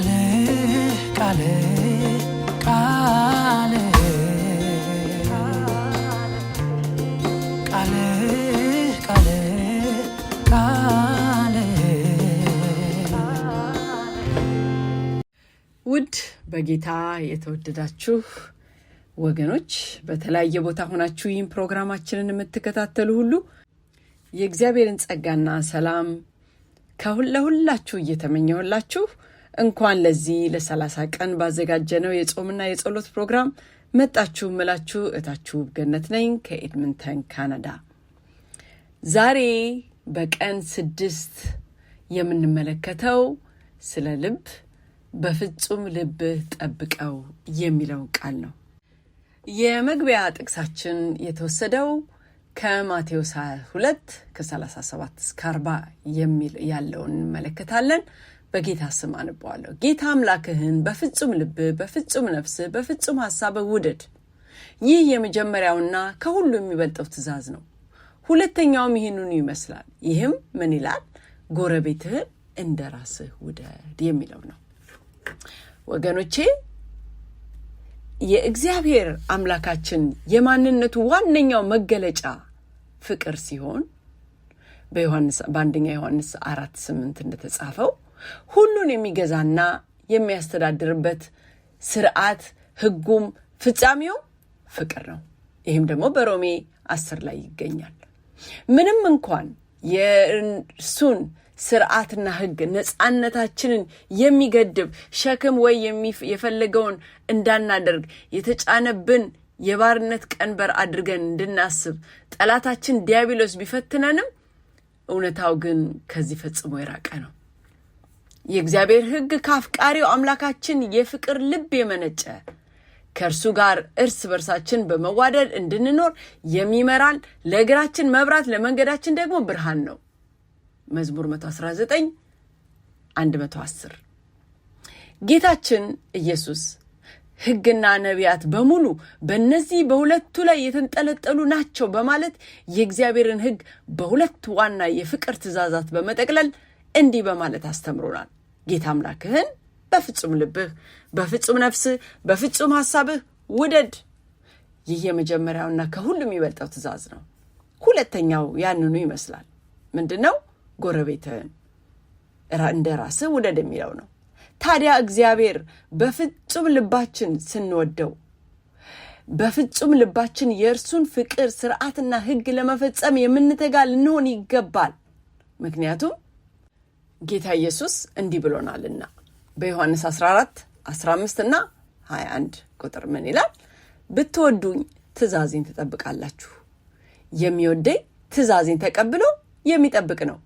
ቃል ቃል ቃል ቃል ቃል ቃል ውድ በጌታ የተወደዳችሁ ወገኖች በተለያየ ቦታ ሆናችሁ ይህን ፕሮግራማችንን የምትከታተሉ ሁሉ የእግዚአብሔርን ጸጋና ሰላም ከሁለሁላችሁ እየተመኘሁላችሁ እንኳን ለዚህ ለሰላሳ ቀን ባዘጋጀነው የጾምና የጸሎት ፕሮግራም መጣችሁ ምላችሁ እታችሁ ገነት ነኝ ከኤድምንተን ካናዳ። ዛሬ በቀን ስድስት የምንመለከተው ስለ ልብ በፍጹም ልብ ጠብቀው የሚለውን ቃል ነው። የመግቢያ ጥቅሳችን የተወሰደው ከማቴዎስ 22 ከ37 እስከ 40 የሚል ያለውን እንመለከታለን። በጌታ ስም አንበዋለሁ። ጌታ አምላክህን በፍጹም ልብ፣ በፍጹም ነፍስ በፍጹም ሀሳብ ውደድ። ይህ የመጀመሪያውና ከሁሉ የሚበልጠው ትእዛዝ ነው። ሁለተኛውም ይህንኑ ይመስላል። ይህም ምን ይላል? ጎረቤትህን እንደ ራስህ ውደድ የሚለው ነው። ወገኖቼ የእግዚአብሔር አምላካችን የማንነቱ ዋነኛው መገለጫ ፍቅር ሲሆን በአንደኛ ዮሐንስ አራት ስምንት እንደተጻፈው ሁሉን የሚገዛና የሚያስተዳድርበት ስርዓት ህጉም ፍጻሜው ፍቅር ነው። ይህም ደግሞ በሮሜ አስር ላይ ይገኛል። ምንም እንኳን የእርሱን ስርዓትና ህግ ነፃነታችንን የሚገድብ ሸክም ወይ የፈለገውን እንዳናደርግ የተጫነብን የባርነት ቀንበር አድርገን እንድናስብ ጠላታችን ዲያብሎስ ቢፈትነንም እውነታው ግን ከዚህ ፈጽሞ የራቀ ነው። የእግዚአብሔር ሕግ ከአፍቃሪው አምላካችን የፍቅር ልብ የመነጨ ከእርሱ ጋር እርስ በርሳችን በመዋደድ እንድንኖር የሚመራን ለእግራችን መብራት ለመንገዳችን ደግሞ ብርሃን ነው። መዝሙር 119 110 ጌታችን ኢየሱስ ሕግና ነቢያት በሙሉ በእነዚህ በሁለቱ ላይ የተንጠለጠሉ ናቸው በማለት የእግዚአብሔርን ሕግ በሁለት ዋና የፍቅር ትእዛዛት በመጠቅለል እንዲህ በማለት አስተምሮናል። ጌታ አምላክህን በፍጹም ልብህ፣ በፍጹም ነፍስህ፣ በፍጹም ሀሳብህ ውደድ። ይህ የመጀመሪያውና ከሁሉም የሚበልጠው ትእዛዝ ነው። ሁለተኛው ያንኑ ይመስላል። ምንድን ነው? ጎረቤትህን እንደ ራስህ ውደድ የሚለው ነው። ታዲያ እግዚአብሔር በፍጹም ልባችን ስንወደው በፍጹም ልባችን የእርሱን ፍቅር ስርዓትና ሕግ ለመፈጸም የምንተጋ ልንሆን ይገባል። ምክንያቱም ጌታ ኢየሱስ እንዲህ ብሎናልና በዮሐንስ 14 15 እና 21 ቁጥር ምን ይላል? ብትወዱኝ ትእዛዜን ትጠብቃላችሁ። የሚወደኝ ትእዛዜን ተቀብሎ የሚጠብቅ ነው።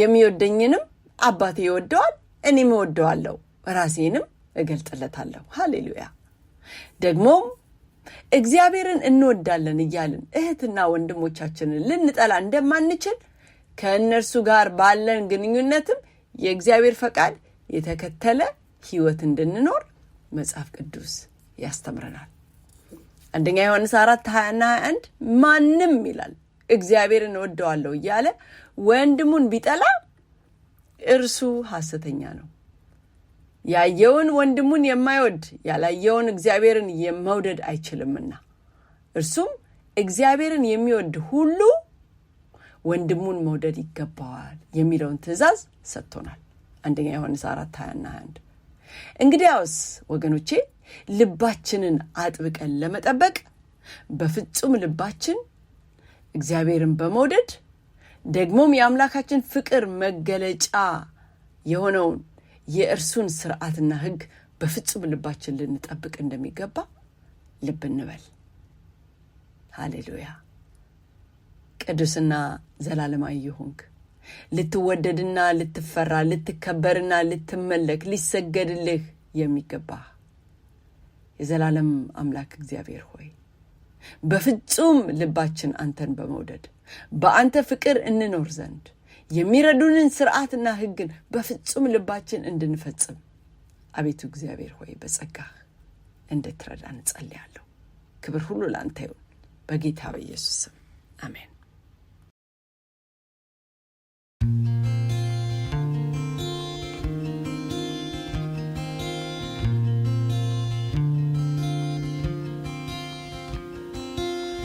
የሚወደኝንም አባቴ ይወደዋል፣ እኔም እወደዋለሁ፣ ራሴንም እገልጥለታለሁ። ሃሌሉያ። ደግሞም እግዚአብሔርን እንወዳለን እያልን እህትና ወንድሞቻችንን ልንጠላ እንደማንችል ከእነርሱ ጋር ባለን ግንኙነትም የእግዚአብሔር ፈቃድ የተከተለ ህይወት እንድንኖር መጽሐፍ ቅዱስ ያስተምረናል። አንደኛ ዮሐንስ አራት ሀያና ሀያ አንድ ማንም ይላል እግዚአብሔርን እወደዋለሁ እያለ ወንድሙን ቢጠላ እርሱ ሐሰተኛ ነው። ያየውን ወንድሙን የማይወድ ያላየውን እግዚአብሔርን የመውደድ አይችልምና እርሱም እግዚአብሔርን የሚወድ ሁሉ ወንድሙን መውደድ ይገባዋል የሚለውን ትእዛዝ ሰጥቶናል። አንደኛ ዮሐንስ አራት ሀያና አንድ እንግዲያውስ ወገኖቼ ልባችንን አጥብቀን ለመጠበቅ በፍጹም ልባችን እግዚአብሔርን በመውደድ ደግሞም የአምላካችን ፍቅር መገለጫ የሆነውን የእርሱን ስርዓትና ሕግ በፍጹም ልባችን ልንጠብቅ እንደሚገባ ልብ እንበል። ሃሌሉያ። ቅዱስና ዘላለማዊ ይሆንክ ልትወደድና ልትፈራ ልትከበርና ልትመለክ ሊሰገድልህ የሚገባ የዘላለም አምላክ እግዚአብሔር ሆይ በፍጹም ልባችን አንተን በመውደድ በአንተ ፍቅር እንኖር ዘንድ የሚረዱንን ስርዓትና ህግን በፍጹም ልባችን እንድንፈጽም አቤቱ እግዚአብሔር ሆይ በጸጋህ እንድትረዳ እንጸልያለሁ። ክብር ሁሉ ለአንተ ይሁን፣ በጌታ በኢየሱስ ስም አሜን።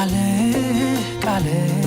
አለቃለ